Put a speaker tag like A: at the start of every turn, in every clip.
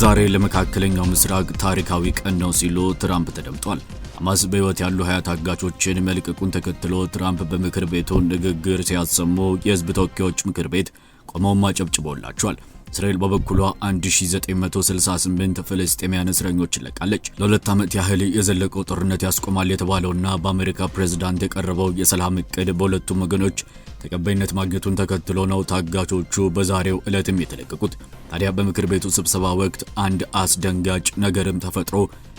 A: ዛሬ ለመካከለኛው ምስራቅ ታሪካዊ ቀን ነው ሲሉ ትራምፕ ተደምጧል። ሐማስ በሕይወት ያሉ ሀያ ታጋቾችን መልቀቁን ተከትሎ ትራምፕ በምክር ቤቱ ንግግር ሲያሰሙ የሕዝብ ተወካዮች ምክር ቤት ቆመውም አጨብጭበውላቸዋል። እስራኤል በበኩሏ 1968 ፍልስጤማውያን እስረኞችን ለቃለች። ለሁለት ዓመት ያህል የዘለቀው ጦርነት ያስቆማል የተባለውና በአሜሪካ ፕሬዝዳንት የቀረበው የሰላም እቅድ በሁለቱም ወገኖች ተቀባይነት ማግኘቱን ተከትሎ ነው ታጋቾቹ በዛሬው ዕለትም የተለቀቁት። ታዲያ በምክር ቤቱ ስብሰባ ወቅት አንድ አስደንጋጭ ነገርም ተፈጥሮ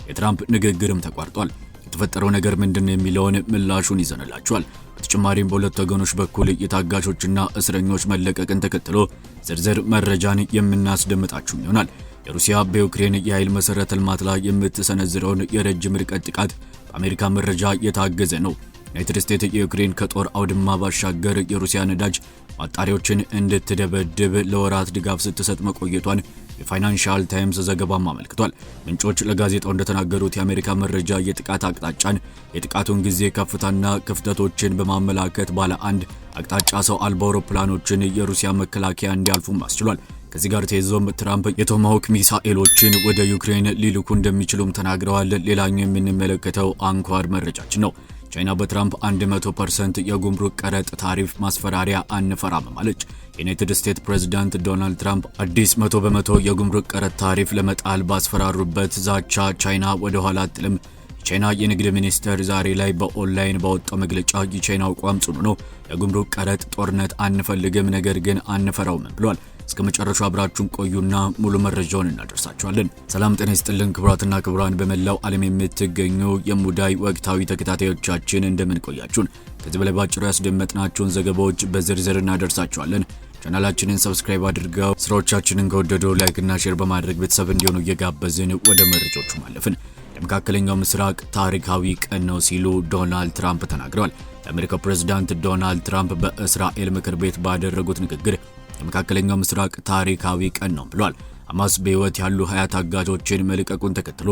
A: የትራምፕ ንግግርም ተቋርጧል። የተፈጠረው ነገር ምንድነው የሚለውን ምላሹን ይዘንላችኋል። በተጨማሪም በሁለት ወገኖች በኩል የታጋቾችና እስረኞች መለቀቅን ተከትሎ ዝርዝር መረጃን የምናስደምጣችሁም ይሆናል። የሩሲያ በዩክሬን የኃይል መሠረተ ልማት ላይ የምትሰነዝረውን የረጅም ርቀት ጥቃት በአሜሪካ መረጃ የታገዘ ነው። ዩናይትድ ስቴትስ የዩክሬን ከጦር አውድማ ባሻገር የሩሲያ ነዳጅ ማጣሪያዎችን እንድትደበድብ ለወራት ድጋፍ ስትሰጥ መቆየቷን የፋይናንሻል ታይምስ ዘገባም አመልክቷል። ምንጮች ለጋዜጣው እንደተናገሩት የአሜሪካ መረጃ የጥቃት አቅጣጫን፣ የጥቃቱን ጊዜ ከፍታና ክፍተቶችን በማመላከት ባለ አንድ አቅጣጫ ሰው አልባ አውሮፕላኖችን የሩሲያ መከላከያ እንዲያልፉም አስችሏል። ከዚህ ጋር ተይዞም ትራምፕ የቶማሆክ ሚሳኤሎችን ወደ ዩክሬን ሊልኩ እንደሚችሉም ተናግረዋል። ሌላኛው የምንመለከተው አንኳር መረጃችን ነው። ቻይና በትራምፕ 100% የጉምሩክ ቀረጥ ታሪፍ ማስፈራሪያ አንፈራም አለች። የዩናይትድ ስቴትስ ፕሬዝዳንት ዶናልድ ትራምፕ አዲስ 100 በመቶ የጉምሩክ ቀረጥ ታሪፍ ለመጣል ባስፈራሩበት ዛቻ ቻይና ወደ ኋላ አትልም። የቻይና የንግድ ሚኒስቴር ዛሬ ላይ በኦንላይን ባወጣው መግለጫ የቻይና አቋም ጽኑ ነው፣ የጉምሩክ ቀረጥ ጦርነት አንፈልግም፣ ነገር ግን አንፈራውም ብሏል። እስከ መጨረሻው አብራችሁን ቆዩና ሙሉ መረጃውን እናደርሳችኋለን። ሰላም ጤና ይስጥልን ክቡራትና ክቡራን፣ በመላው ዓለም የምትገኙ የሙዳይ ወቅታዊ ተከታታዮቻችን እንደምን ቆያችሁን? ከዚህ በላይ ባጭሩ ያስደመጥናችሁን ዘገባዎች በዝርዝር እናደርሳችኋለን። ቻናላችንን ሰብስክራይብ አድርገው ስራዎቻችንን ከወደዱ ላይክና ሼር በማድረግ ቤተሰብ እንዲሆኑ እየጋበዝን ወደ መረጃዎቹ ማለፍን። ለመካከለኛው ምስራቅ ታሪካዊ ቀን ነው ሲሉ ዶናልድ ትራምፕ ተናግረዋል። የአሜሪካው ፕሬዝዳንት ዶናልድ ትራምፕ በእስራኤል ምክር ቤት ባደረጉት ንግግር የመካከለኛው ምስራቅ ታሪካዊ ቀን ነው ብሏል። ሐማስ በሕይወት ያሉ ሀያ ታጋቾችን መልቀቁን ተከትሎ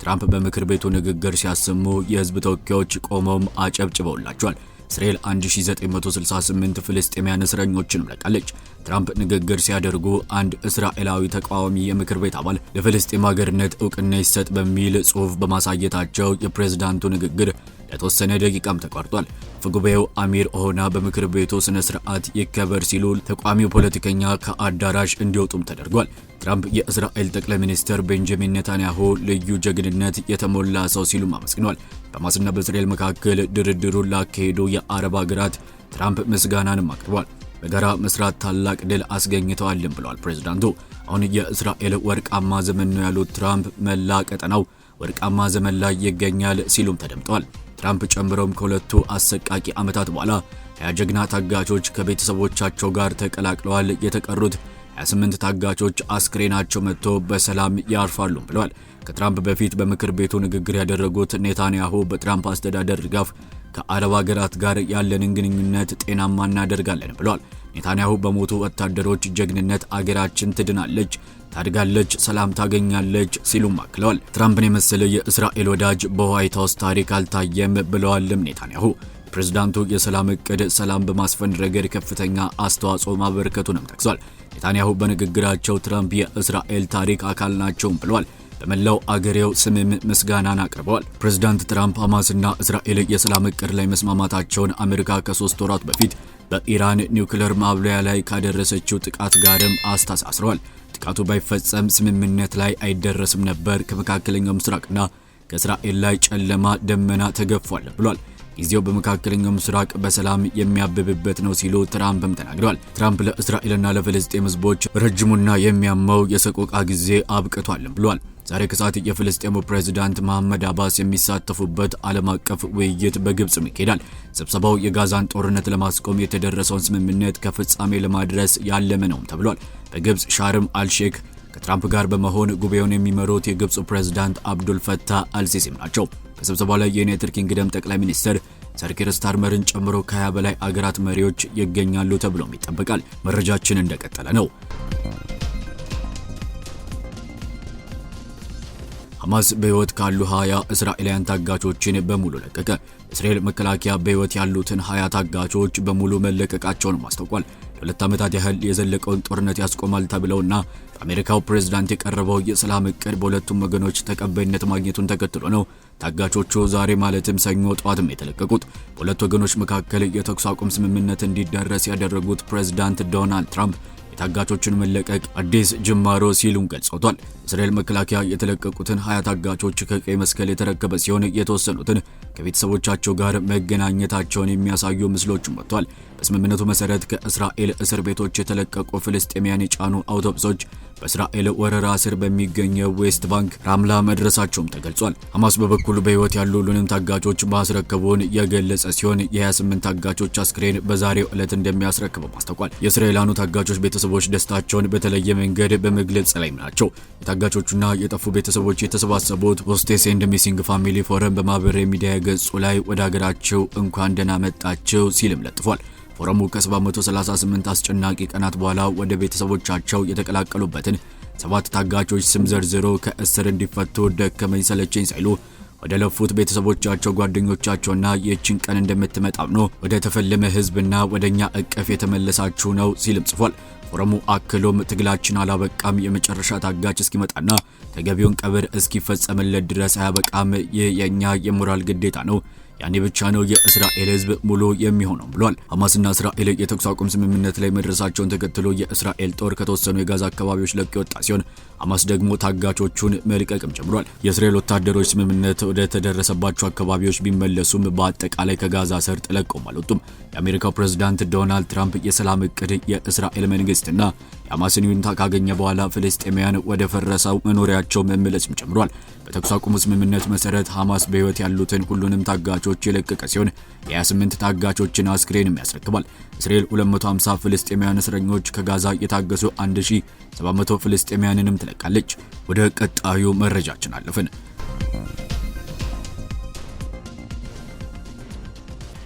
A: ትራምፕ በምክር ቤቱ ንግግር ሲያሰሙ የህዝብ ተወካዮች ቆመውም አጨብጭበውላቸዋል። እስራኤል 1968 ፍልስጤማውያን እስረኞችን ምለቃለች። ትራምፕ ንግግር ሲያደርጉ አንድ እስራኤላዊ ተቃዋሚ የምክር ቤት አባል ለፍልስጤም ሀገርነት እውቅና ይሰጥ በሚል ጽሑፍ በማሳየታቸው የፕሬዝዳንቱ ንግግር ለተወሰነ ደቂቃም ተቋርጧል። አፈጉባኤው አሚር ኦሆና በምክር ቤቱ ስነ ስርዓት ይከበር ሲሉ ተቋሚው ፖለቲከኛ ከአዳራሽ እንዲወጡም ተደርጓል። ትራምፕ የእስራኤል ጠቅላይ ሚኒስትር ቤንጃሚን ኔታንያሁ ልዩ ጀግንነት የተሞላ ሰው ሲሉም አመስግኗል። በማስነ በእስራኤል መካከል ድርድሩን ላካሄዱ የአረብ ሀገራት ትራምፕ ምስጋናንም አቅርቧል። በጋራ መስራት ታላቅ ድል አስገኝተዋልም ብለዋል ፕሬዚዳንቱ። አሁን የእስራኤል ወርቃማ ዘመን ነው ያሉት ትራምፕ መላ ቀጠናው ወርቃማ ዘመን ላይ ይገኛል ሲሉም ተደምጠዋል። ትራምፕ ጨምረውም ከሁለቱ አሰቃቂ ዓመታት በኋላ ሀያ ጀግና ታጋቾች ከቤተሰቦቻቸው ጋር ተቀላቅለዋል። የተቀሩት 28 ታጋቾች አስክሬናቸው መጥቶ በሰላም ያርፋሉ ብለዋል። ከትራምፕ በፊት በምክር ቤቱ ንግግር ያደረጉት ኔታንያሁ በትራምፕ አስተዳደር ድጋፍ ከአረብ ሀገራት ጋር ያለንን ግንኙነት ጤናማ እናደርጋለን ብለዋል። ኔታንያሁ በሞቱ ወታደሮች ጀግንነት አገራችን ትድናለች ታድጋለች፣ ሰላም ታገኛለች ሲሉም አክለዋል። ትራምፕን የመሰለ የእስራኤል ወዳጅ በዋይት ሀውስ ታሪክ አልታየም ብለዋልም ኔታንያሁ። ፕሬዝዳንቱ የሰላም እቅድ ሰላም በማስፈን ረገድ ከፍተኛ አስተዋጽኦ ማበረከቱንም ጠቅሷል። ኔታንያሁ በንግግራቸው ትራምፕ የእስራኤል ታሪክ አካል ናቸውም ብለዋል። በመላው አገሬው ስምም ምስጋናን አቅርበዋል። ፕሬዝዳንት ትራምፕ ሐማስና እስራኤል የሰላም እቅድ ላይ መስማማታቸውን አሜሪካ ከሶስት ወራት በፊት በኢራን ኒውክለር ማብለያ ላይ ካደረሰችው ጥቃት ጋርም አስተሳስረዋል። ጥቃቱ ባይፈጸም ስምምነት ላይ አይደረስም ነበር፣ ከመካከለኛው ምስራቅና ከእስራኤል ላይ ጨለማ ደመና ተገፏል ብሏል። ጊዜው በመካከለኛው ምስራቅ በሰላም የሚያብብበት ነው ሲሉ ትራምፕም ተናግረዋል። ትራምፕ ለእስራኤልና ለፍልስጤም ህዝቦች ረጅሙና የሚያመው የሰቆቃ ጊዜ አብቅቷልም ብሏል። ዛሬ ከሰዓት የፍልስጤሙ ፕሬዝዳንት መሐመድ አባስ የሚሳተፉበት ዓለም አቀፍ ውይይት በግብፅም ይካሄዳል። ስብሰባው የጋዛን ጦርነት ለማስቆም የተደረሰውን ስምምነት ከፍጻሜ ለማድረስ ያለመ ነውም ተብሏል። በግብፅ ሻርም አልሼክ ከትራምፕ ጋር በመሆን ጉባኤውን የሚመሩት የግብፁ ፕሬዝዳንት አብዱል ፈታህ አልሲሲም ናቸው። በስብሰባው ላይ የዩናይትድ ኪንግደም ጠቅላይ ሚኒስትር ሰር ኪር ስታርመርን ጨምሮ ከ20 በላይ አገራት መሪዎች ይገኛሉ ተብሎም ይጠበቃል። መረጃችን እንደቀጠለ ነው። ሐማስ በሕይወት ካሉ 20 እስራኤላውያን ታጋቾችን በሙሉ ለቀቀ። እስራኤል መከላከያ በሕይወት ያሉትን 20 ታጋቾች በሙሉ መለቀቃቸውን አስታውቋል። ለሁለት ዓመታት ያህል የዘለቀውን ጦርነት ያስቆማል ተብለውና በአሜሪካው ፕሬዝዳንት የቀረበው የሰላም እቅድ በሁለቱም ወገኖች ተቀባይነት ማግኘቱን ተከትሎ ነው ታጋቾቹ ዛሬ ማለትም ሰኞ ጠዋትም የተለቀቁት። በሁለት ወገኖች መካከል የተኩስ አቁም ስምምነት እንዲደረስ ያደረጉት ፕሬዝዳንት ዶናልድ ትራምፕ የታጋቾችን መለቀቅ አዲስ ጅማሮ ሲሉም ገልጸውቷል። እስራኤል መከላከያ የተለቀቁትን ሀያ ታጋቾች ከቀይ መስቀል የተረከበ ሲሆን የተወሰኑትን ከቤተሰቦቻቸው ጋር መገናኘታቸውን የሚያሳዩ ምስሎች ወጥቷል። በስምምነቱ መሰረት ከእስራኤል እስር ቤቶች የተለቀቁ ፍልስጤሚያን የጫኑ አውቶቡሶች በእስራኤል ወረራ ስር በሚገኘው ዌስት ባንክ ራምላ መድረሳቸውም ተገልጿል። ሐማስ በበኩሉ በሕይወት ያሉ ሁሉንም ታጋቾች ማስረከቡን የገለጸ ሲሆን የ28 ታጋቾች አስክሬን በዛሬው ዕለት እንደሚያስረክብም አስታውቋል። የእስራኤላኑ ታጋቾች ቤተሰቦች ደስታቸውን በተለየ መንገድ በመግለጽ ላይም ናቸው። የታጋቾቹና የጠፉ ቤተሰቦች የተሰባሰቡት ሆስቴስ ኤንድ ሚሲንግ ፋሚሊ ፎረም በማህበራዊ ሚዲያ ገጹ ላይ ወደ ሀገራቸው እንኳን ደህና መጣቸው ሲልም ለጥፏል። ፎረሙ ከ738 አስጨናቂ ቀናት በኋላ ወደ ቤተሰቦቻቸው የተቀላቀሉበትን ሰባት ታጋቾች ስም ዘርዝሮ ከእስር እንዲፈቱ ደከመኝ ሰለቸኝ ሳይሉ ወደ ለፉት ቤተሰቦቻቸው ጓደኞቻቸውና የችን ቀን እንደምትመጣም ነው ወደ ተፈለመ ህዝብና ወደኛ እቅፍ የተመለሳችሁ ነው ሲልም ጽፏል። ፎረሙ አክሎም ትግላችን አላበቃም፣ የመጨረሻ ታጋች እስኪመጣና ተገቢውን ቀብር እስኪፈጸምለት ድረስ አያበቃም። ይህ የእኛ የሞራል ግዴታ ነው ያኔ ብቻ ነው የእስራኤል ህዝብ ሙሉ የሚሆነው ብሏል። ሐማስና እስራኤል የተኩስ አቁም ስምምነት ላይ መድረሳቸውን ተከትሎ የእስራኤል ጦር ከተወሰኑ የጋዛ አካባቢዎች ለቅ የወጣ ሲሆን ሐማስ ደግሞ ታጋቾቹን መልቀቅም ጀምሯል። የእስራኤል ወታደሮች ስምምነት ወደ ተደረሰባቸው አካባቢዎች ቢመለሱም በአጠቃላይ ከጋዛ ሰርጥ ለቀውም አልወጡም። የአሜሪካው ፕሬዝዳንት ዶናልድ ትራምፕ የሰላም እቅድ የእስራኤል መንግስትና የሐማስን ይሁንታ ካገኘ በኋላ ፍልስጤማውያን ወደ ፈረሰው መኖሪያቸው መመለስም ጀምሯል። በተኩስ አቁም ስምምነት መሰረት ሐማስ በሕይወት ያሉትን ሁሉንም ታጋቾች የለቀቀ ሲሆን የ28 ታጋቾችን አስክሬንም ያስረክባል። እስራኤል 250 ፍልስጤማውያን እስረኞች ከጋዛ የታገሱ 1700 ፍልስጤማውያንንም ትለቃለች። ወደ ቀጣዩ መረጃችን አለፍን።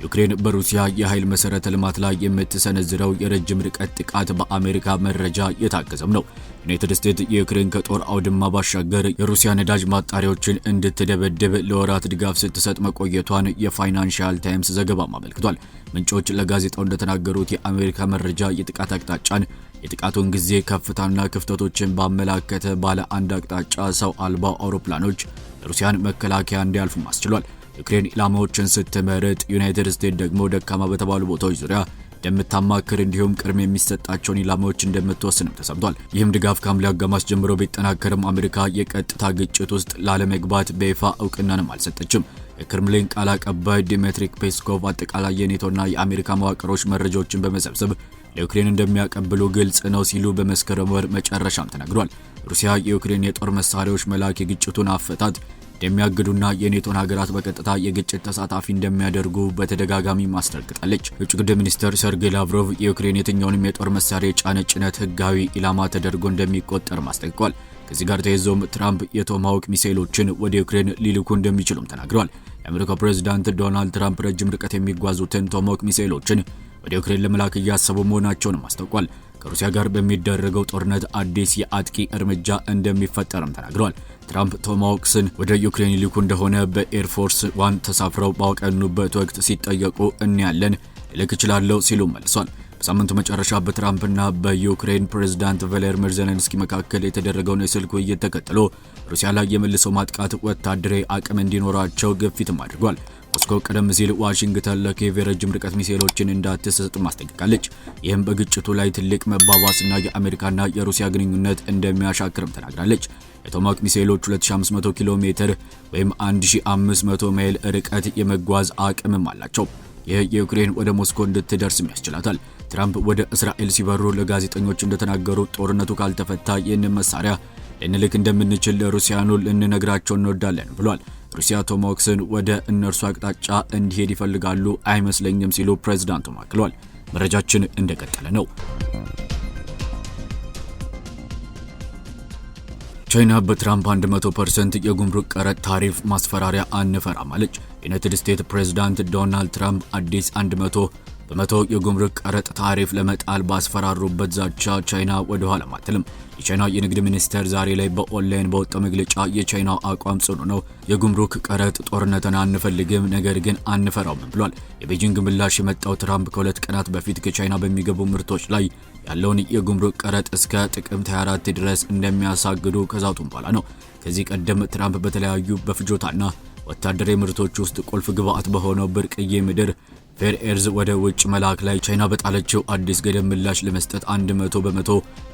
A: ዩክሬን በሩሲያ የኃይል መሰረተ ልማት ላይ የምትሰነዝረው የረጅም ርቀት ጥቃት በአሜሪካ መረጃ የታገዘም ነው። ዩናይትድ ስቴትስ የዩክሬን ከጦር አውድማ ባሻገር የሩሲያ ነዳጅ ማጣሪያዎችን እንድትደበድብ ለወራት ድጋፍ ስትሰጥ መቆየቷን የፋይናንሻል ታይምስ ዘገባም አመልክቷል። ምንጮች ለጋዜጣው እንደተናገሩት የአሜሪካ መረጃ የጥቃት አቅጣጫን የጥቃቱን ጊዜ ከፍታና ክፍተቶችን ባመላከተ ባለ አንድ አቅጣጫ ሰው አልባ አውሮፕላኖች የሩሲያን መከላከያ እንዲያልፉም አስችሏል። ዩክሬን ኢላማዎችን ስትመርጥ፣ ዩናይትድ ስቴትስ ደግሞ ደካማ በተባሉ ቦታዎች ዙሪያ እንደምታማክር እንዲሁም ቅድም የሚሰጣቸውን ኢላማዎች እንደምትወስንም ተሰምቷል። ይህም ድጋፍ ከሐምሌ አጋማሽ ጀምሮ ቢጠናከርም አሜሪካ የቀጥታ ግጭት ውስጥ ላለመግባት በይፋ እውቅናንም አልሰጠችም። የክሬምሊን ቃል አቀባይ ዲሜትሪክ ፔስኮቭ አጠቃላይ የኔቶና የአሜሪካ መዋቅሮች መረጃዎችን በመሰብሰብ ለዩክሬን እንደሚያቀብሉ ግልጽ ነው ሲሉ በመስከረም ወር መጨረሻም ተናግሯል። ሩሲያ የዩክሬን የጦር መሳሪያዎች መላክ የግጭቱን አፈታት እንደሚያግዱና የኔቶን ሀገራት በቀጥታ የግጭት ተሳታፊ እንደሚያደርጉ በተደጋጋሚ ማስጠንቅጣለች። የውጭ ጉዳይ ሚኒስትር ሰርጌይ ላቭሮቭ የዩክሬን የትኛውንም የጦር መሳሪያ የጫነ ጭነት ህጋዊ ኢላማ ተደርጎ እንደሚቆጠር ማስጠንቅቋል። ከዚህ ጋር ተያይዞም ትራምፕ የቶማሃውክ ሚሳኤሎችን ወደ ዩክሬን ሊልኩ እንደሚችሉም ተናግረዋል። የአሜሪካው ፕሬዝዳንት ዶናልድ ትራምፕ ረጅም ርቀት የሚጓዙትን ቶማሃውክ ሚሳኤሎችን ወደ ዩክሬን ለመላክ እያሰቡ መሆናቸውንም አስታውቋል። ከሩሲያ ጋር በሚደረገው ጦርነት አዲስ የአጥቂ እርምጃ እንደሚፈጠርም ተናግረዋል። ትራምፕ ቶማሆክስን ወደ ዩክሬን ይልኩ እንደሆነ በኤርፎርስ ዋን ተሳፍረው ባወቀኑበት ወቅት ሲጠየቁ እናያለን ልልክ እችላለሁ ሲሉ መልሷል። በሳምንቱ መጨረሻ በትራምፕና በዩክሬን ፕሬዝዳንት ቮሎዲሚር ዜሌንስኪ መካከል የተደረገውን የስልክ ውይይት ተከትሎ ሩሲያ ላይ የመልሰው ማጥቃት ወታደራዊ አቅም እንዲኖራቸው ግፊትም አድርጓል። ሞስኮ ቀደም ሲል ዋሽንግተን ለኪየቭ የረጅም ርቀት ሚሳኤሎችን እንዳትሰጥ ማስጠንቀቃለች። ይህም በግጭቱ ላይ ትልቅ መባባስና የአሜሪካና የሩሲያ ግንኙነት እንደሚያሻክርም ተናግራለች። የቶማሃውክ ሚሳኤሎች 2500 ኪሎ ሜትር ወይም 1500 ማይል ርቀት የመጓዝ አቅምም አላቸው። ይህ የዩክሬን ወደ ሞስኮ እንድትደርስም ያስችላታል። ትራምፕ ወደ እስራኤል ሲበሩ ለጋዜጠኞች እንደተናገሩ ጦርነቱ ካልተፈታ ይህንን መሳሪያ ልንልክ እንደምንችል ለሩሲያኑ ልንነግራቸው እንወዳለን ብሏል። ሩሲያ ቶማሆክስን ወደ እነርሱ አቅጣጫ እንዲሄድ ይፈልጋሉ አይመስለኝም ሲሉ ፕሬዝዳንቱ ማክሏል መረጃችን እንደቀጠለ ነው። ቻይና በትራምፕ 100% የጉምሩክ ቀረጥ ታሪፍ ማስፈራሪያ አንፈራም አለች። የዩናይትድ ስቴትስ ፕሬዝዳንት ዶናልድ ትራምፕ አዲስ 100 በመቶ የጉምሩክ ቀረጥ ታሪፍ ለመጣል ባስፈራሩበት ዛቻ ቻይና ወደ ኋላ አትልም። የቻይና የንግድ ሚኒስቴር ዛሬ ላይ በኦንላይን በወጣው መግለጫ የቻይና አቋም ጽኑ ነው፣ የጉምሩክ ቀረጥ ጦርነትን አንፈልግም፣ ነገር ግን አንፈራውም ብሏል። የቤጂንግ ምላሽ የመጣው ትራምፕ ከሁለት ቀናት በፊት ከቻይና በሚገቡ ምርቶች ላይ ያለውን የጉምሩክ ቀረጥ እስከ ጥቅምት 24 ድረስ እንደሚያሳግዱ ከዛቱም በኋላ ነው። ከዚህ ቀደም ትራምፕ በተለያዩ በፍጆታና ወታደራዊ ምርቶች ውስጥ ቁልፍ ግብዓት በሆነው ብርቅዬ ምድር ፌር ኤርዝ ወደ ውጭ መላክ ላይ ቻይና በጣለችው አዲስ ገደብ ምላሽ ለመስጠት 100 በመቶ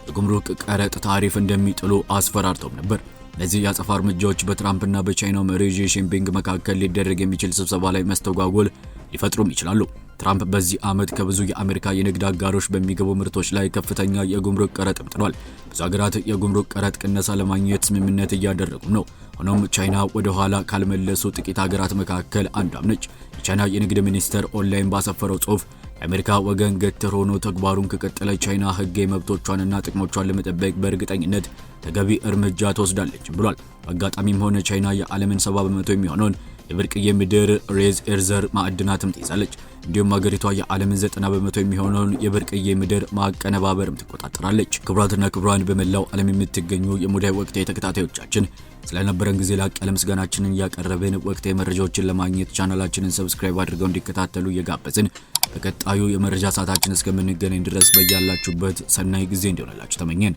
A: የጉምሩክ ቀረጥ ታሪፍ እንደሚጥሉ አስፈራርተው ነበር። እነዚህ የአጸፋ እርምጃዎች በትራምፕና በቻይናው መሪ ሺ ጂንፒንግ መካከል ሊደረግ የሚችል ስብሰባ ላይ መስተጓጎል ሊፈጥሩም ይችላሉ። ትራምፕ በዚህ ዓመት ከብዙ የአሜሪካ የንግድ አጋሮች በሚገቡ ምርቶች ላይ ከፍተኛ የጉምሩክ ቀረጥ ጥሏል። ብዙ ሀገራት የጉምሩክ ቀረጥ ቅነሳ ለማግኘት ስምምነት እያደረጉም ነው። ሆኖም ቻይና ወደ ኋላ ካልመለሱ ጥቂት ሀገራት መካከል አንዷም ነች። የቻይና የንግድ ሚኒስቴር ኦንላይን ባሰፈረው ጽሑፍ የአሜሪካ ወገን ገትር ሆኖ ተግባሩን ከቀጠለ ቻይና ሕጋዊ መብቶቿንና ጥቅሞቿን ለመጠበቅ በእርግጠኝነት ተገቢ እርምጃ ትወስዳለችም ብሏል። በአጋጣሚም ሆነ ቻይና የዓለምን ሰባ በመቶ የሚሆነውን የብርቅዬ ምድር ሬዝ ኤርዘር ማዕድናትም ትይዛለች። እንዲሁም ሀገሪቷ የዓለምን ዘጠና በመቶ የሚሆነውን የብርቅዬ ምድር ማቀነባበርም ትቆጣጠራለች። ክቡራትና ክቡራን በመላው ዓለም የምትገኙ የሙዳይ ወቅታዊ ተከታታዮቻችን ስለነበረን ጊዜ ላቅ ያለ ምስጋናችንን እያቀረብን ወቅታዊ መረጃዎችን ለማግኘት ቻናላችንን ሰብስክራይብ አድርገው እንዲከታተሉ እየጋበዝን በቀጣዩ የመረጃ ሰዓታችን እስከምንገናኝ ድረስ በያላችሁበት ሰናይ ጊዜ እንዲሆንላችሁ ተመኘን።